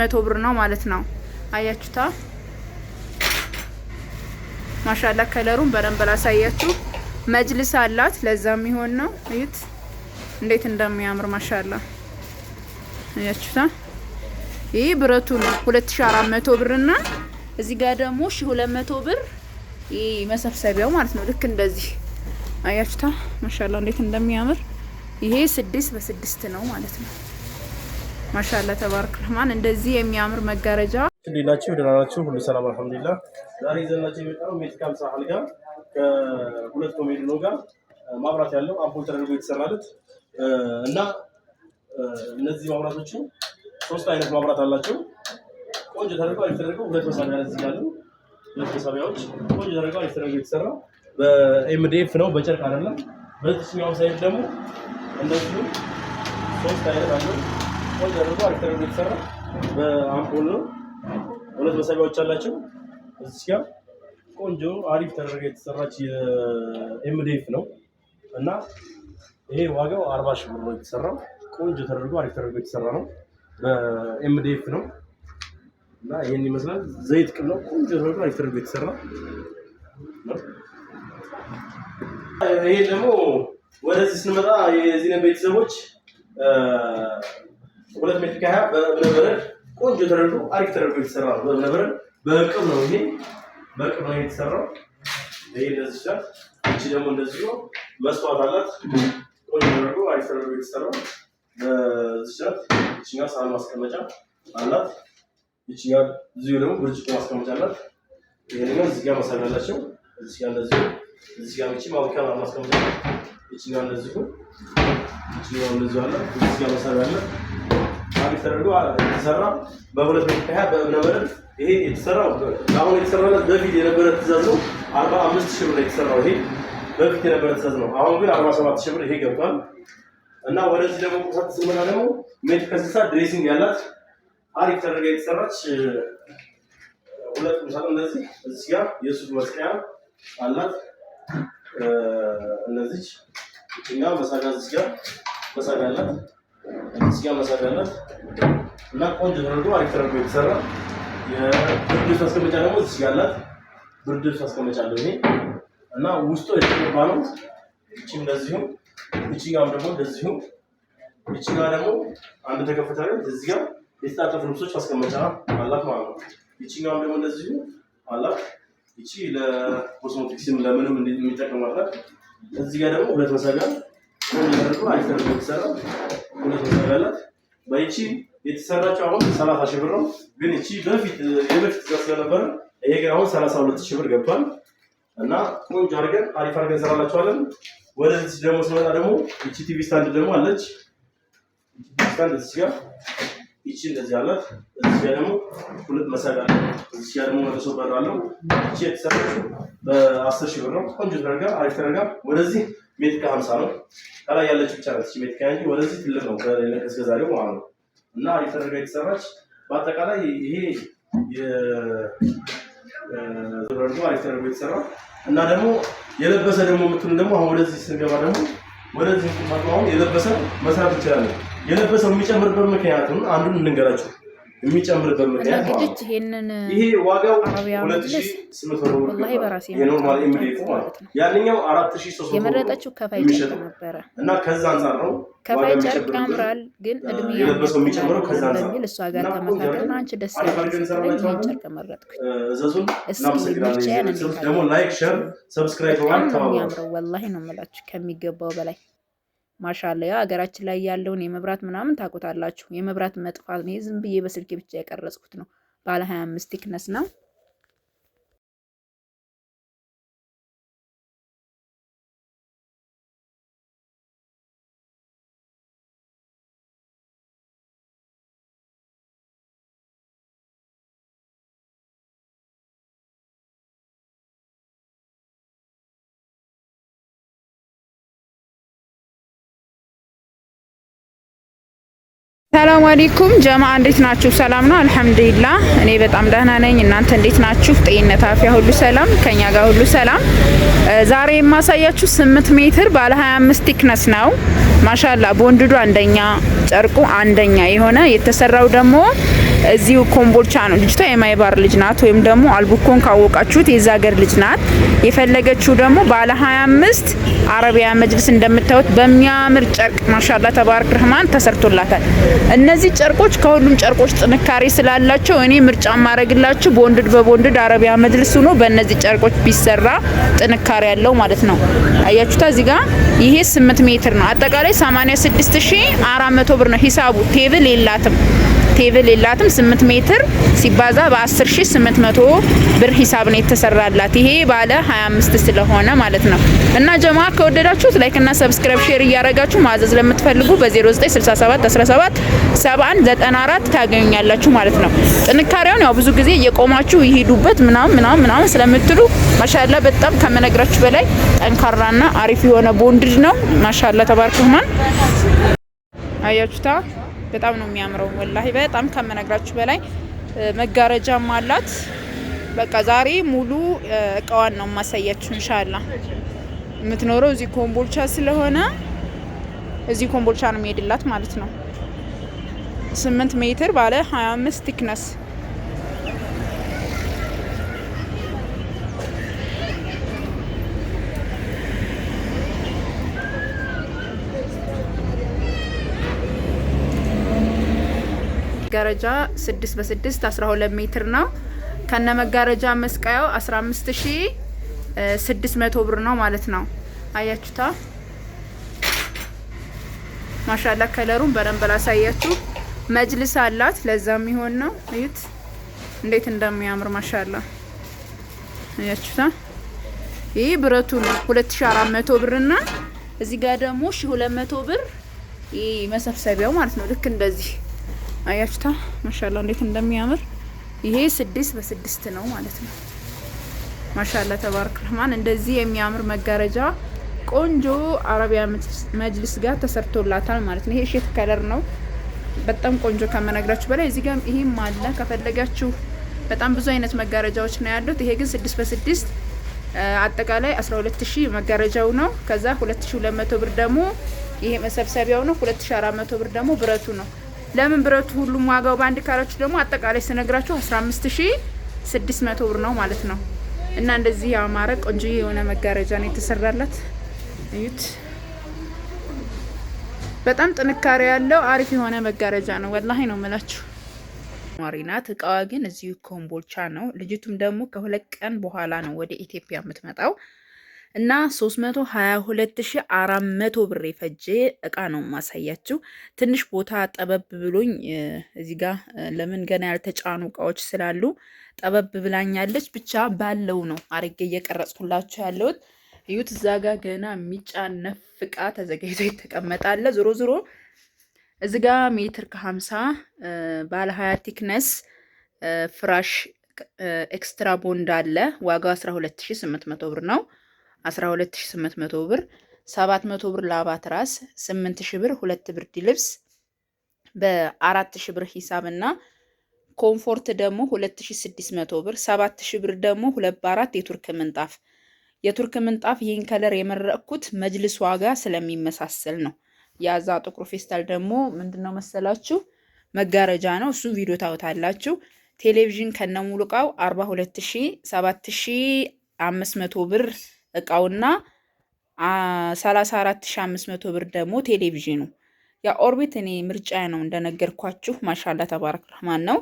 መቶ ብር ነው ማለት ነው። አያችሁታ ማሻላ ከለሩን በደንብ ላሳያችሁ። መጅልስ አላት ለዛ የሚሆን ነው። እዩት እንዴት እንደሚያምር ማሻላ። አያችሁታ ይህ ብረቱ ነው መቶ ብር እና እዚህ ጋር ደግሞ ሺ መቶ ብር ይህ መሰብሰቢያው ማለት ነው። ልክ እንደዚህ አያችሁታ ማሻላ እንዴት እንደሚያምር ይሄ ስድስት በስድስት ነው ማለት ነው። ማሻላ ተባረክ ረህማን። እንደዚህ የሚያምር መጋረጃ ሌላችሁ ደናናችሁ ሁሉ ሰላም አልሐምዱሊላ። ዛሬ ይዘናቸው የመጣነው ሜዲካል ከሀምሳ አልጋ ከሁለት ኮሜዲኖ ጋር ማብራት ያለው አምፖል ተደርጎ የተሰራለት እና እነዚህ ማብራቶቹ ሶስት አይነት ማብራት አላቸው። ቆንጆ ተደርገው አሪፍ ተደርገው ሁለት መሳቢያ ያለ ያሉ ሁለት መሳቢያዎች ቆንጆ ተደርገው አሪፍ ተደርገው የተሰራ በኤምዲኤፍ ነው በጨርቅ አይደለም። በዚህኛው ሳይድ ደግሞ እንደዚሁ ሶስት አይነት አለው ቆይ ደረጃ አክተር የሚሰራ በአምፖል ነው። ሁለት መሳቢያዎች አላቸው። እዚህ ጋር ቆንጆ አሪፍ ተደረገ የተሰራች የኤምዲኤፍ ነው እና ይሄ ዋጋው አርባ ሺህ ብር ነው የተሰራው። ቆንጆ ተደርጎ አሪፍ ተደርጎ የተሰራ ነው። በኤምዲኤፍ ነው እና ይህን ይመስላል። ዘይት ቅል ነው። ቆንጆ ተደርጎ አሪፍ ተደርጎ የተሰራ ይሄ ደግሞ ወደዚህ ስንመጣ የዚህ ቤተሰቦች ሁለት ሜትር ከሀያ በእብነበረድ ቆንጆ ተደርጎ አሪፍ ተደርጎ የተሰራ ነው። በእብነበረድ በቅብ ነው ይሄ በቅብ ነው የተሰራው። ይሄ እንደዚህ ይችላል። እቺ ደግሞ እንደዚህ ነው፣ መስታወት አላት። ቆንጆ ተደርጎ አሪፍ ተደርጎ የተሰራው በዚህ ይችላል። እቺኛ ሳህን ማስቀመጫ አላት። እቺኛ እዚሁ ደግሞ ብርጭቆ ማስቀመጫ አላት። ይሄ እዚህ ጋር መሳቢያ አላቸው። እዚህ ጋር እንደዚህ እዚህ ጋር ብቻ ማውቂያ ማስቀመጫ እቺ ጋር እንደዚህ እቺ ጋር እዚህ ጋር መሳቢያ አለ። አሪፍ ተደርጎ የተሰራ በሁለት መቶ ሀያ በእብነበረድ ይሄ የተሰራው አሁን የተሰራለት በፊት የነበረ ትእዛዝ ነው። አርባ አምስት ሺህ ብር የተሰራው ይሄ በፊት የነበረ ትእዛዝ ነው። አሁን ግን አርባ ሰባት ሺህ ብር ይሄ ገብቷል። እና ወደዚህ ደግሞ ቁሳት ስንመጣ ደግሞ ሜትር ከስልሳ ድሬሲንግ ያላት አሪፍ ተደርጋ የተሰራች ሁለት ምሳሌ እነዚህ እዚህ ጋር የሱቅ መስቀያ አላት። እነዚች እኛ መሳቢያ እዚህ ጋር መሳቢያ አላት። እዚጋ መሰሪያነት እና ቆንጆ ተደርጎ አሪፍ ተደርጎ የተሰራ የብርድ ልብስ ማስቀመጫ ደግሞ እዚህ ያላት ብርድ ልብስ ማስቀመጫ አለው ይሄ እና ውስጡ የተገባ ነው። እቺ እንደዚሁ እቺ ጋም ደግሞ እንደዚሁ እቺ ጋ ደግሞ አንድ ተከፈታለ እዚህ ጋር የተጣጠፉ ልብሶች ማስቀመጫ አላት ማለት ነው። እቺ ጋም ደግሞ እንደዚሁ አላት። እቺ ለኮስሞቲክስም ለምንም የሚጠቀማላት እዚህ ጋር ደግሞ ሁለት መሳቢያ በይቺ የተሰራችው አሁን ሰላሳ ሺህ ብር ነው። ግን እቺ በፊት የበፊት ትእዛዝ ስለነበረ ይሄ ግን አሁን ሰላሳ ሁለት ሺህ ብር ገብቷል እና ቆንጆ አድርገን አሪፍ አድርገን እንሰራላችኋለን። ወደዚህ ደግሞ ስመጣ ደግሞ እቺ ቲቪ ስታንድ ደግሞ አለች። ስታንድ እዚህ ጋር እቺ እንደዚህ አላት። እዚህ ጋር ደግሞ ሁለት መሳቢያ አለ። እዚህ ጋር ደግሞ መልሶ በር አለው። እቺ የተሰራችው በአስር ሺህ ብር ነው። ቆንጆ ተደርጋ አሪፍ ተደርጋ ወደዚህ ሜትሪካ ሀምሳ ነው። ከላይ ያለች ብቻ ነች ሜትሪካ እንጂ ወደዚህ ትልቅ ነው እስከ ዛሬው ማለት ነው። እና አሪፍ ተደርጋ የተሰራች በአጠቃላይ ይሄ የዘብረርጎ አሪፍ ተደርጎ የተሰራ እና ደግሞ የለበሰ ደግሞ የምትሉ ደግሞ አሁን ወደዚህ ስንገባ ደግሞ ወደዚህ ስንፋቱ የለበሰ መስራት ይችላለን። የለበሰው የሚጨምርበት ምክንያቱን አንዱን እንንገራቸው የሚጨምርበት ምክንያት ማለት ይሄ ዋጋው ሁለት ሺህ ስምንት መቶ ብር የኖርማል ኤምዲኤፍ ማለት ነው። ያንኛው አራት ሺ ሶስት የመረጠችው ከፋይ ጨርቅ ነበረ እና ከዛ አንጻር ነው ከፋይ ጨርቅ ያምራል፣ ግን እድሜ የለበሰው የሚጨምረው ከዛ አንጻር በሚል እሷ ጋር ተመካከልን። አንቺ ደስ ያለኝ ጨርቅ መረጥኩኝ። እዘዙን። እናመሰግናለን። ደግሞ ላይክ፣ ሸር፣ ሰብስክራይብ በማለት ተባበሩ። ያምረው ወላሂ ነው የምላችሁ ከሚገባው በላይ ማሻላ ሀገራችን ላይ ያለውን የመብራት ምናምን ታቆታላችሁ። የመብራት መጥፋት ዝም ብዬ በስልኬ ብቻ የቀረጽኩት ነው። ባለ 25 ቲክነስ ነው። ሰላም አለይኩም ጀማ እንዴት ናችሁ? ሰላም ነው አልሐምዱሊላ። እኔ በጣም ደህና ነኝ። እናንተ እንዴት ናችሁ? ጤንነት አፍያ፣ ሁሉ ሰላም ከኛ ጋር ሁሉ ሰላም። ዛሬ የማሳያችሁ 8 ሜትር ባለ 25 ቲክነስ ነው። ማሻላ ቦንድዱ አንደኛ፣ ጨርቁ አንደኛ የሆነ የተሰራው ደግሞ እዚሁ ኮምቦልቻ ነው። ልጅቷ የማይባር ልጅ ናት፣ ወይም ደግሞ አልቡኮን ካወቃችሁት የዛ ሀገር ልጅ ናት። የፈለገችው ደግሞ ባለ 25 አረቢያ መጅልስ እንደምታዩት በሚያምር ጨርቅ ማሻላ ተባረክ ረህማን ተሰርቶላታል። እነዚህ ጨርቆች ከሁሉም ጨርቆች ጥንካሬ ስላላቸው እኔ ምርጫ ማረግላችሁ ቦንድድ በቦንድድ አረቢያ መጅልስ ሆኖ በእነዚህ ጨርቆች ቢሰራ ጥንካሬ ያለው ማለት ነው። አያችሁታ እዚህ ጋር ይሄ 8 ሜትር ነው። አጠቃላይ 86400 ብር ነው ሂሳቡ። ቴብል የላትም ቴብል የላትም። 8 ሜትር ሲባዛ በ10800 ብር ሂሳብ ነው የተሰራላት። ይሄ ባለ 25 ስለሆነ ማለት ነው። እና ጀማ ከወደዳችሁት ላይክ እና ሰብስክራይብ ሼር እያረጋችሁ ማዘዝ ለምትፈልጉ በ0967 17 7194 ታገኙኛላችሁ ማለት ነው። ጥንካሬውን ያው ብዙ ጊዜ እየቆማችሁ ይሄዱበት ምናምን ምናምን ምናምን ስለምትሉ ማሻላ በጣም ከመነግራችሁ በላይ ጠንካራና አሪፍ የሆነ ቦንድድ ነው። ማሻላ ተባርክማን አያችሁታ በጣም ነው የሚያምረው። ወላሂ በጣም ከምነግራችሁ በላይ መጋረጃም አላት። በቃ ዛሬ ሙሉ እቃዋን ነው የማሳያችሁ እንሻላ። የምትኖረው እዚህ ኮምቦልቻ ስለሆነ እዚህ ኮምቦልቻ ነው የሚሄድላት ማለት ነው። ስምንት ሜትር ባለ 25 ቲክነስ መጋረጃ 6 በ6 12 ሜትር ነው። ከነ መጋረጃ መስቀያው 15600 ብር ነው ማለት ነው። አያችሁታ ማሻላ ከለሩን በደንብ ላሳያችሁ። መጅልስ አላት ለዛ የሚሆን ነው። እዩት እንዴት እንደሚያምር ማሻላ አያችሁታ። ይህ ብረቱ ነው 2400 ብር እና እዚህ ጋር ደግሞ 1200 ብር ይህ መሰብሰቢያው ማለት ነው። ልክ እንደዚህ አያችታ ማሻላ እንዴት እንደሚያምር ይሄ ስድስት በስድስት ነው ማለት ነው። ማሻላ ተባረክ ረህማን። እንደዚህ የሚያምር መጋረጃ ቆንጆ አረቢያ መጅልስ ጋር ተሰርቶላታል ማለት ነው። ይሄ ሼት ከለር ነው። በጣም ቆንጆ ከመነግራችሁ በላይ እዚህ ጋር ይሄም አለ ከፈለጋችሁ። በጣም ብዙ አይነት መጋረጃዎች ነው ያሉት። ይሄ ግን ስድስት በስድስት አጠቃላይ 12000 መጋረጃው ነው። ከዛ 2200 ብር ደግሞ ይሄ መሰብሰቢያው ነው። 2400 ብር ደግሞ ብረቱ ነው። ለምን ብረቱ ሁሉም ዋጋው በአንድ ካራችሁ ደግሞ አጠቃላይ ስነግራችሁ 15600 ብር ነው ማለት ነው። እና እንደዚህ ያማረ ቆንጆ የሆነ መጋረጃ ነው የተሰራላት። እዩት። በጣም ጥንካሬ ያለው አሪፍ የሆነ መጋረጃ ነው። ወላሂ ነው የምላችሁ። ኗሪ ናት። እቃዋ ግን እዚሁ ኮምቦልቻ ነው። ልጅቱም ደግሞ ከሁለት ቀን በኋላ ነው ወደ ኢትዮጵያ የምትመጣው። እና 322400 ብር የፈጀ እቃ ነው ማሳያችሁ። ትንሽ ቦታ ጠበብ ብሎኝ እዚህ ጋር ለምን ገና ያልተጫኑ እቃዎች ስላሉ ጠበብ ብላኛለች። ብቻ ባለው ነው አርጌ እየቀረጽኩላችሁ ያለሁት። እዩት፣ እዛ ጋር ገና የሚጫነፍ እቃ ተዘጋጅቶ ይተቀመጣለ። ዞሮ ዞሮ እዚ ጋ ሜትር ከ50 ባለ 20 ቲክነስ ፍራሽ ኤክስትራ ቦንድ አለ። ዋጋው 12800 ብር ነው። 12800 ብር፣ 700 ብር ለአባት ራስ፣ 8000 ብር ሁለት ብርድ ልብስ በ4000 ብር ሂሳብ እና ኮምፎርት ደግሞ 2600 ብር፣ 7000 ብር ደግሞ 2 በ የቱርክ ምንጣፍ። የቱርክ ምንጣፍ ይህን ከለር የመረቅኩት መጅልስ ዋጋ ስለሚመሳሰል ነው። ያዛ ጥቁር ፌስታል ደግሞ ምንድነው መሰላችሁ መጋረጃ ነው። እሱ ቪዲዮ ታውታላችሁ። ቴሌቪዥን ከነሙሉቃው 42000 7500 ብር እቃውና 34500 ብር ደግሞ ቴሌቪዥኑ። ኦርቢት እኔ ምርጫ ነው እንደነገርኳችሁ። ማሻላ ተባረክ ረህማን ነው።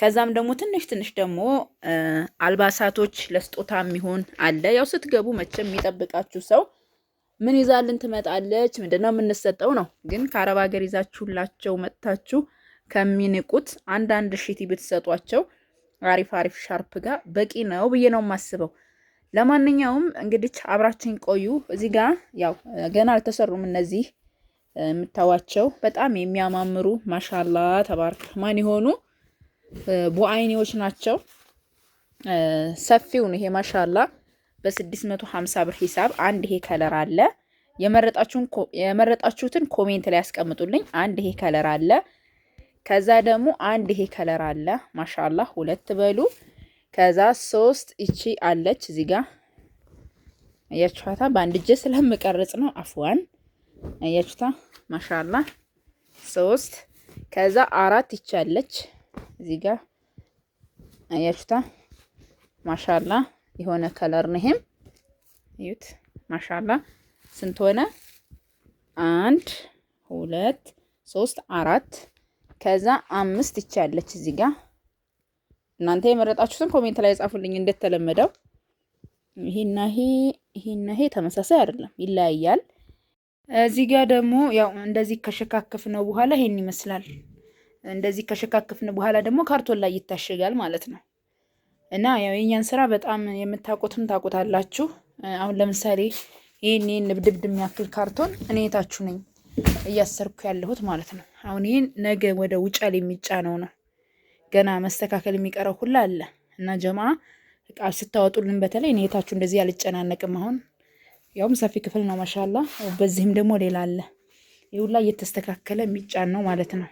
ከዛም ደግሞ ትንሽ ትንሽ ደግሞ አልባሳቶች ለስጦታ የሚሆን አለ። ያው ስትገቡ መቼም የሚጠብቃችሁ ሰው ምን ይዛልን ትመጣለች፣ ምንድነው የምንሰጠው ነው። ግን ከአረብ ሀገር ይዛችሁላቸው መጥታችሁ ከሚንቁት አንዳንድ ሺቲ ብትሰጧቸው አሪፍ አሪፍ ሻርፕ ጋር በቂ ነው ብዬ ነው የማስበው። ለማንኛውም እንግዲህ አብራችን ቆዩ። እዚህ ጋር ያው ገና አልተሰሩም እነዚህ የምታዋቸው በጣም የሚያማምሩ ማሻላ ተባርክ ማን የሆኑ ቡአይኒዎች ናቸው። ሰፊውን ይሄ ማሻላ በ650 ብር ሂሳብ አንድ ይሄ ከለር አለ። የመረጣችሁትን ኮሜንት ላይ ያስቀምጡልኝ። አንድ ይሄ ከለር አለ። ከዛ ደግሞ አንድ ይሄ ከለር አለ። ማሻላ ሁለት በሉ ከዛ ሶስት እቺ አለች እዚህ ጋ አያችኋታ። በአንድ እጄ ስለምቀርጽ ነው አፍዋን አያችሁታ። ማሻላ ሶስት ከዛ አራት እቺ አለች እዚህ ጋ አያችሁታ። ማሻላ የሆነ ከለር ነው ይሄም እዩት። ማሻላ ስንት ሆነ? አንድ ሁለት ሶስት አራት ከዛ አምስት እቺ አለች እዚህ ጋር እናንተ የመረጣችሁትን ኮሜንት ላይ ጻፉልኝ። እንደተለመደው ይሄና ይሄ ይሄና ይሄ ተመሳሳይ አይደለም፣ ይለያያል። እዚህ ጋር ደግሞ ያው እንደዚህ ከሸካከፍ ነው በኋላ ይሄን ይመስላል። እንደዚህ ከሸካከፍን በኋላ ደግሞ ካርቶን ላይ ይታሸጋል ማለት ነው። እና ያው የኛን ስራ በጣም የምታውቁትም ታውቁታላችሁ። አሁን ለምሳሌ ይህን ይህን ንብድብድ የሚያክል ካርቶን እኔ የታችሁ ነኝ እያሰርኩ ያለሁት ማለት ነው። አሁን ይህን ነገ ወደ ውጫል የሚጫነው ነው ገና መስተካከል የሚቀረው ሁላ አለ እና ጀማ ስታወጡልን በተለይ እኔ የታችሁ እንደዚህ አልጨናነቅም። አሁን ያውም ሰፊ ክፍል ነው ማሻላ። በዚህም ደግሞ ሌላ አለ። ይሁላ እየተስተካከለ የሚጫን ነው ማለት ነው።